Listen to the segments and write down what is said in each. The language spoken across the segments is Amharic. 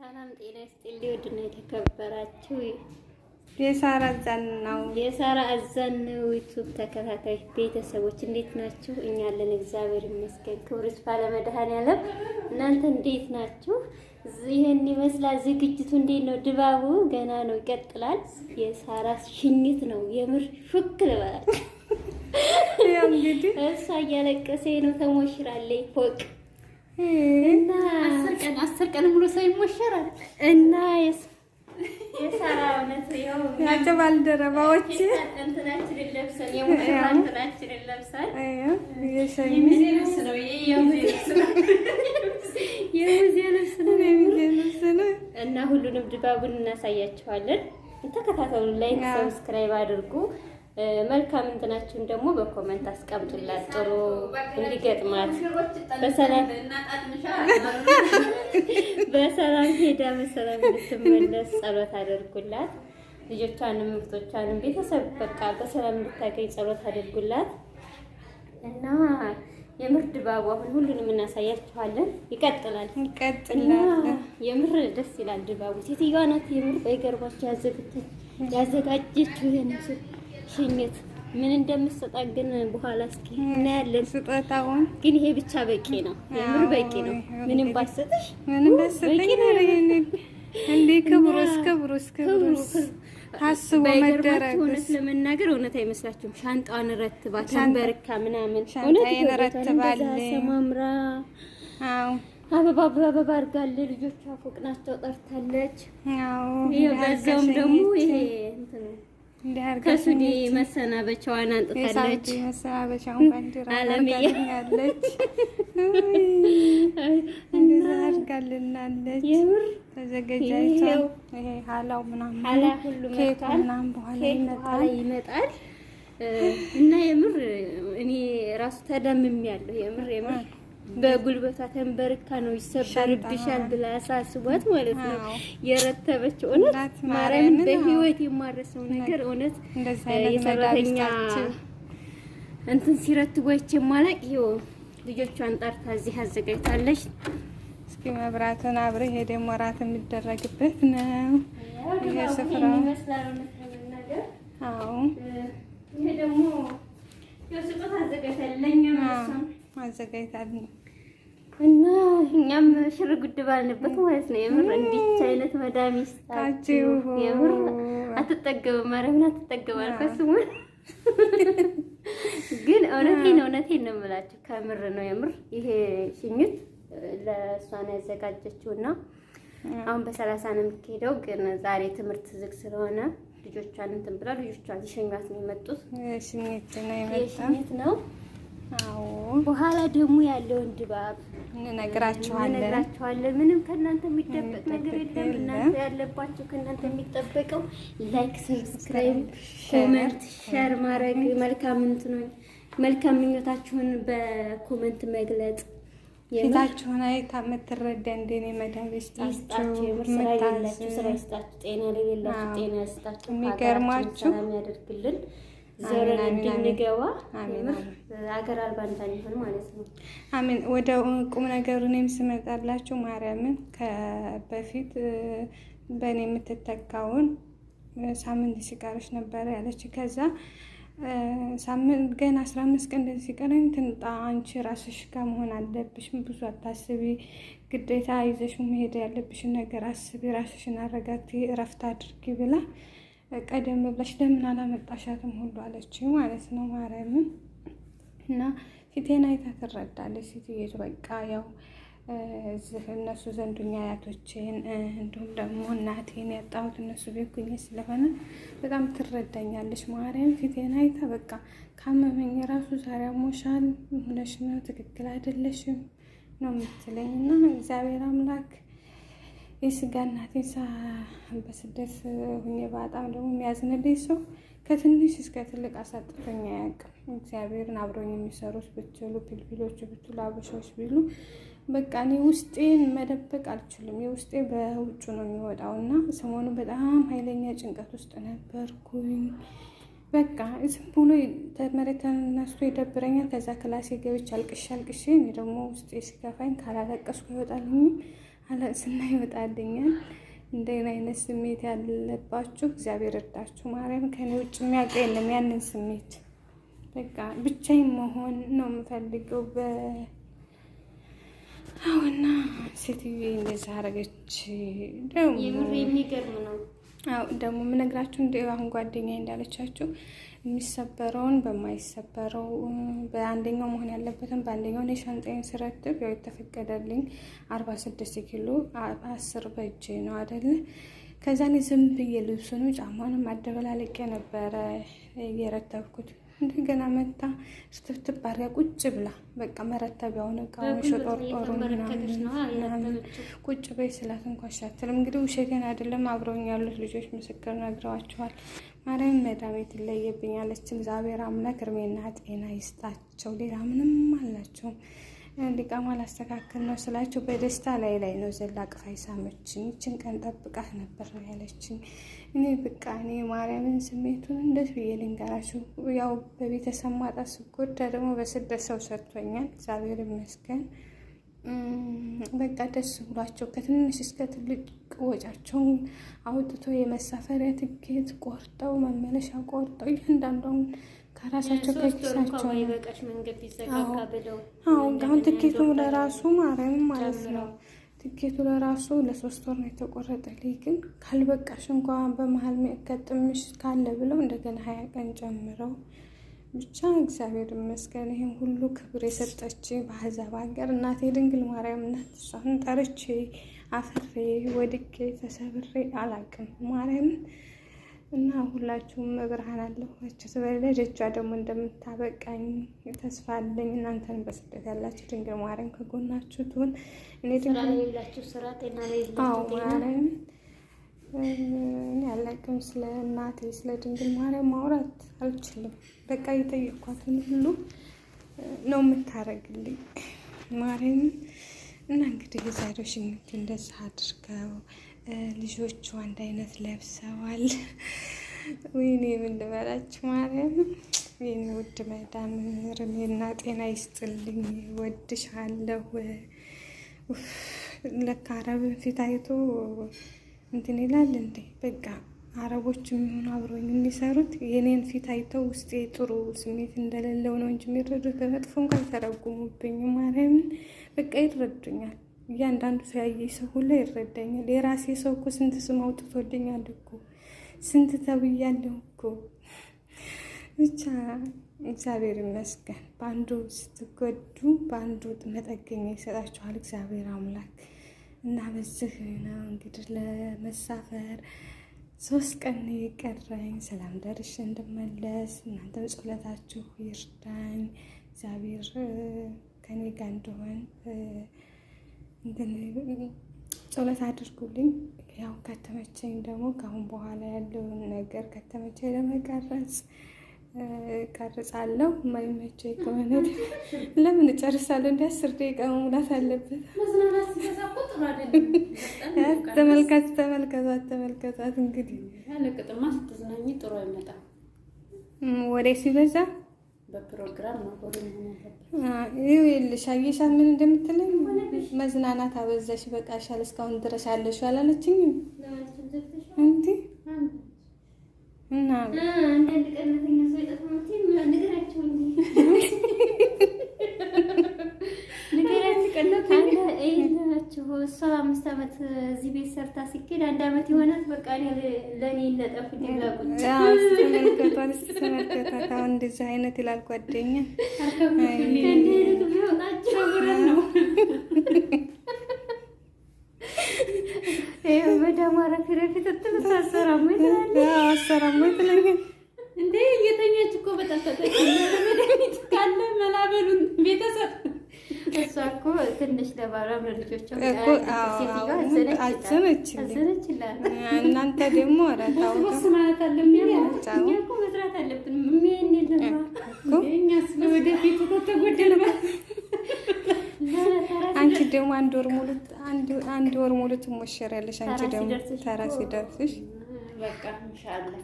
ሰላም ጤና ይስጥልኝ። ውድና የተከበራችሁ የሳራ ነው የሳራ ነው ዩቱብ ተከታታይ ቤተሰቦች እንዴት ናችሁ? እኛ አለን እግዚአብሔር ይመስገን። ክብር ባለመድሃን ያለም እናንተ እንዴት ናችሁ? ይህን ይመስላል ዝግጅቱ። እንዴት ነው ድባቡ? ገና ነው ይቀጥላል። የሳራ ሽኝት ነው የምር ሹክ ልበላችሁ። እሷ እያለቀሰ ነው ተሞሽራለች ፎቅ አስር ቀን ሙሉ ሰው ይሞሸራል እና ናቸው ባልደረባዎች እና ሁሉንም ድባቡን እናሳያችኋለን። ተከታተሉ፣ ላይክ ሰብስክራይብ አድርጉ። መልካም እንትናችሁን ደግሞ በኮመንት አስቀምጡላት። ጥሩ እንዲገጥማት በሰላም በሰላም ሄዳ በሰላም እንድትመለስ ጸሎት አድርጉላት። ልጆቿንም ምርቶቿንም ቤተሰብ በቃ በሰላም እንድታገኝ ጸሎት አድርጉላት እና የምር ድባቡ አሁን ሁሉንም እናሳያችኋለን። ይቀጥላል ይቀጥላል። የምር ደስ ይላል ድባቡ። ሴትዮዋ ናት የምር በይገርባቸው ያዘጋጀችው ይሄ ሽኝት ምን እንደምትሰጣ ግን በኋላ እስኪ እናያለን። ስጦታውን ግን ይሄ ብቻ በቂ ነው፣ የምር በቂ ነው። ምንም ባሰጥሽ ምንም ባሰጥሽ ነው። እንዴ ክብሩስ ክብሩስ ክብሩስ ታስቦ መደረግ እውነት ለመናገር እውነት አይመስላችሁም። ሻንጣዋን ረትባት አንበርካ ምናምን ሻንጣዬን ረትባል ሰማምራ አዎ አበባ በአበባ አድርጋለ ልጆቿ ፎቅ ናቸው ጠርታለች። ያው በዛውም ደግሞ ይሄ እንትን ከሱዲ መሰናበቻዋን አንጥታለች። መሰናበቻውን ባንዲራ አለምያለች እና አድርጋልናለች። ተዘገጃጅተው ይሄ ሀላው ምናምን ሁሉ ምናምን በኋላ ይመጣል እና የምር እኔ ራሱ ተደምሜያለሁ የምር የምር በጉልበቷ ተንበርካ ነው ይሰበርብሻል ብላ አሳስቧት ማለት ነው የረተበች። እውነት ማርያምን በህይወት የማረሰው ነገር እውነት የሰራተኛ እንትን ሲረትጓች ማለቅ ይኸው ልጆቿን ጠርታ እዚህ አዘጋጅታለች። እስኪ መብራቱን አብረ ይሄ ደግሞ እራት የሚደረግበት ነው። ይሄ ስፍራ ይሄ ደግሞ ስጦታ አዘጋጅታለች ለእኛ አዘጋጅታል እና እኛም ሽር ጉድ ባልንበት ማለት ነው። የምር እንዲች አይነት መዳሚስታችሁ የምር አትጠገብም። ማርያምን አትጠገብም አልከስሙ ግን እውነቴን እውነቴን ነው የምላችሁ። ከምር ነው የምር ይሄ ሽኝት ለእሷ ነው ያዘጋጀችው እና አሁን በሰላሳ ነው የሚካሄደው። ግን ዛሬ ትምህርት ዝግ ስለሆነ ልጆቿን እንትን ብላ ልጆቿን ሊሸኟት ነው የመጡት። ሽኝት ነው የመጣ ነው በኋላ ደግሞ ያለውን ድባብ እንነግራችኋለን። ምንም ከእናንተ የሚደበቅ ነገር የለም። እናንተ ያለባችሁ ከእናንተ የሚጠበቀው ላይክ፣ ሰብስክራይብ፣ ኮመንት፣ ሸር ማድረግ መልካም እንትኑን መልካም ምኞታችሁን በኮመንት መግለጽ ፊታችሁን አይታ የምትረዳ እንደኔ መዳብ ይስጣችሁ፣ ስራ ይስጣችሁ፣ ጤና ላይ ጤና ይስጣችሁ፣ የሚገርማችሁ ሰላም ያደርግልን። ዘረን እንድንገባ አገር አልባ እንዳንሆን ማለት ነው። አሜን። ወደ ቁም ነገር እኔም ስመጣላችሁ ማርያምን ከበፊት በእኔ የምትተካውን ሳምንት ሲቀረች ነበረ ያለች። ከዛ ሳምንት ገና አስራ አምስት ቀን እንደዚህ ሲቀረኝ ትንጣ አንቺ ራስሽ ጋር መሆን አለብሽ። ብዙ አታስቢ፣ ግዴታ ይዘሽ መሄድ ያለብሽን ነገር አስቢ፣ ራስሽን አረጋግቲ፣ እረፍት አድርጊ ብላ ቀደም ብለሽ ለምን አላመጣሻትም ሁሉ አለች ማለት ነው። ማርያምን እና ፊቴን አይታ ትረዳለች። ሴትዮቱ በቃ ያው እነሱ ዘንዱኛ አያቶቼን እንዲሁም ደግሞ እናቴን ያጣሁት እነሱ ቤኩኝ ስለሆነ በጣም ትረዳኛለች። ማርያም ፊቴን አይታ በቃ ካመመኝ ራሱ ዛሬ አሞሻል ሁነሽ ነው ትክክል አይደለሽም ነው የምትለኝ እና እግዚአብሔር አምላክ የስጋ እናቴን በስደት ሁኜ በጣም ደግሞ የሚያዝንልኝ ሰው ከትንሽ እስከ ትልቅ አሳጥቶኝ አያውቅም። እግዚአብሔርን አብረኝ የሚሰሩት ብትሉ ፒልፒሎቹ ብትሉ አበሻዎች ቢሉ በቃ እኔ ውስጤን መደበቅ አልችልም። የውስጤ በውጭ ነው የሚወጣው እና ሰሞኑ በጣም ኃይለኛ ጭንቀት ውስጥ ነበርኩኝ። በቃ ዝም ብሎ መሬት ተነስቶ ይደብረኛል። ከዛ ክላሴ ገብቼ አልቅሼ አልቅሼ እኔ ደግሞ ውስጤ ሲከፋኝ ካላለቀስኩ ይወጣልኝም አላስና ይወጣልኛል። እንደን አይነት ስሜት ያለባችሁ እግዚአብሔር እርዳችሁ። ማርያም ከኔ ውጭ የሚያውቀው የለም። ያንን ስሜት በቃ ብቻዬን መሆን ነው የምፈልገው። በአሁና ሴትዮ እንደዛ አረገች። ደግሞ የሚገርም ነው ደግሞ የምነግራችሁ እንደ አሁን ጓደኛ እንዳለቻችሁ የሚሰበረውን በማይሰበረው በአንደኛው መሆን ያለበትን በአንደኛው ላይ ሻንጣዬን ስረትብ ያው የተፈቀደልኝ አርባ ስድስት ኪሎ አስር በእጅ ነው አደለ። ከዛኔ ዝም ብዬ ልብሱንም ጫማንም አደበላለቄ ነበረ እየረተብኩት። እንደገና መታ ስትፍትፍ ባሪያ ቁጭ ብላ በቃ መረተቢያውን እቃውን ሸጦርጦሩ ምናምን ቁጭ በይ ስላት እንኳን አትልም። እንግዲህ ውሸቴን አይደለም አብረውኝ ያሉት ልጆች ምስክር ነግረዋቸዋል። ማርያም መዳሜ ትለየብኛለች። እግዚአብሔር አምላክ እርሜና ጤና ይስጣቸው። ሌላ ምንም አላቸውም። ሊቃማ አላስተካከል ነው ስላችሁ በደስታ ላይ ላይ ነው ዘላ ቅፋ ሳመችኝ። ይችን ቀን ጠብቃት ነበር ያለችኝ። እኔ በቃ እኔ ማርያምን ስሜቱን እንደት ብዬ ልንገራችሁ? ያው በቤተሰብ ማጣት ስጎዳ ደግሞ በስደት ሰው ሰጥቶኛል። እግዚአብሔር ይመስገን። በቃ ደስ ብሏቸው ከትንሽ እስከ ትልቅ ወጫቸውን አውጥቶ የመሳፈሪያ ትኬት ቆርጠው መመለሻ ቆርጠው እያንዳንዷን ከራሳቸው ከኪሳቸው አሁን ትኬቱ ለራሱ ማርያም ማለት ነው። ትኬቱ ለራሱ ለሶስት ወር ነው የተቆረጠልኝ። ግን ካልበቃሽ እንኳን በመሀል የሚያጋጥምሽ ካለ ብለው እንደገና ሀያ ቀን ጨምረው ብቻ እግዚአብሔር ይመስገን ይህን ሁሉ ክብር የሰጠች በአሕዛብ ሀገር እናቴ ድንግል ማርያም ናት። እሷን ጠርቼ አፍሬ ወድቄ ተሰብሬ አላቅም ማርያምን እና ሁላችሁም ብርሃን አለባችሁ ስለልደቷ ደግሞ እንደምታበቃኝ ተስፋ አለኝ። እናንተን በስደት ያላችሁ ድንግል ማርያም ከጎናችሁ ትሁን። እኔ ማርያም ያለቅም ስለ እናቴ ስለ ድንግል ማርያም ማውራት አልችልም። በቃ የጠየኳትን ሁሉ ነው የምታደርግልኝ ማርያም እና እንግዲህ የዛሬው ሽኝት እንደዛ አድርገው ልጆቹ አንድ አይነት ለብሰዋል። ወይኔ የምንበላችሁ ማርያም የኔ ውድ መዳም ርሜና ጤና ይስጥልኝ። ወድሻለሁ። ለካ አረብ ፊት አይቶ እንትን ይላል እንዴ! በቃ አረቦች የሚሆኑ አብሮኝ የሚሰሩት የኔን ፊት አይተው ውስጤ ጥሩ ስሜት እንደሌለው ነው እንጂ የሚረዱት በመጥፎ እንኳ አይተረጉሙብኝም። ማርያምን በቃ ይረዱኛል። እያንዳንዱ ሰው ያየኝ ሰው ሁሉ ይረዳኛል። የራሴ ሰው እኮ ስንት ስም አውጥቶልኛል እኮ ስንት ተብያለሁ እኮ ብቻ እግዚአብሔር ይመስገን። በአንዱ ስትጎዱ በአንዱ መጠገኛ ይሰጣችኋል እግዚአብሔር አምላክ እና በዚህ ነው እንግዲህ ለመሳፈር ሶስት ቀን የቀረኝ ሰላም ደርሼ እንድመለስ እናንተም ጸሎታችሁ ይርዳኝ። እግዚአብሔር ከኔ ጋር እንደሆን ጸሎት አድርጉልኝ። ያው ከተመቸኝ ደግሞ ከአሁን በኋላ ያለውን ነገር ከተመቸኝ ለመቀረጽ ቀርጻለሁ። ማይመቸኝ ከሆነ ለምን እጨርሳለሁ? እንደ አስር ደቂቃ መሙላት አለበት። ተመልከት፣ ተመልከቷት፣ ተመልከቷት። እንግዲህ ያለ ቅጥማ ስትዝናኝ ጥሩ አይመጣም። ወደ ሲበዛ በፕሮግራም ነው ይኸውልሽ፣ አየሻት ምን እንደምትለኝ መዝናናት አበዛሽ፣ በቃሻል፣ እስካሁን ድረስ አለሽ አላለችኝም እንዴ? እና አንዳንድ ያላችሁ እሷ አምስት ዓመት እዚህ ቤት ሰርታ ሲኬድ አንድ ዓመት የሆናት በቃ ለእኔ ይለጠፍ ላቁመልከቷንስተመልከቷት እንደዚህ አይነት ይላል ጓደኛ ቢሆናቸው ብረት ነው በዳማራ ፊት ለፊት ትል ታሰራ ሞ ይላለ እናንተ ደግሞ አንቺ ደግሞ አንድ ወር ሙሉ አንድ ወር ሙሉ ትሞሸሪያለሽ። አንቺ ደግሞ ተራ ሲደርስሽ በቃ ኢንሻአላህ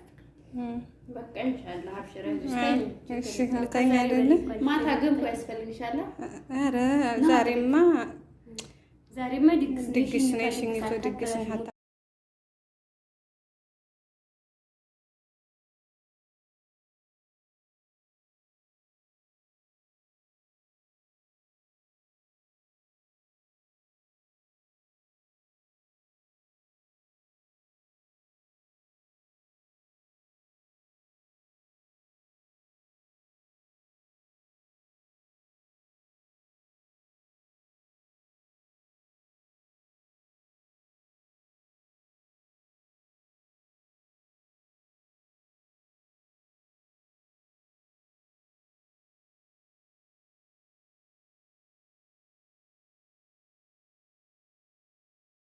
በቃ ኢንሻአላህ አብሽረሽ ልተኛ አይደለም ማታ ገንፎ ያስፈልግሻል። ኧረ ዛሬማ ዛሬማ ድግስ ነሽ ድግስ ነሽ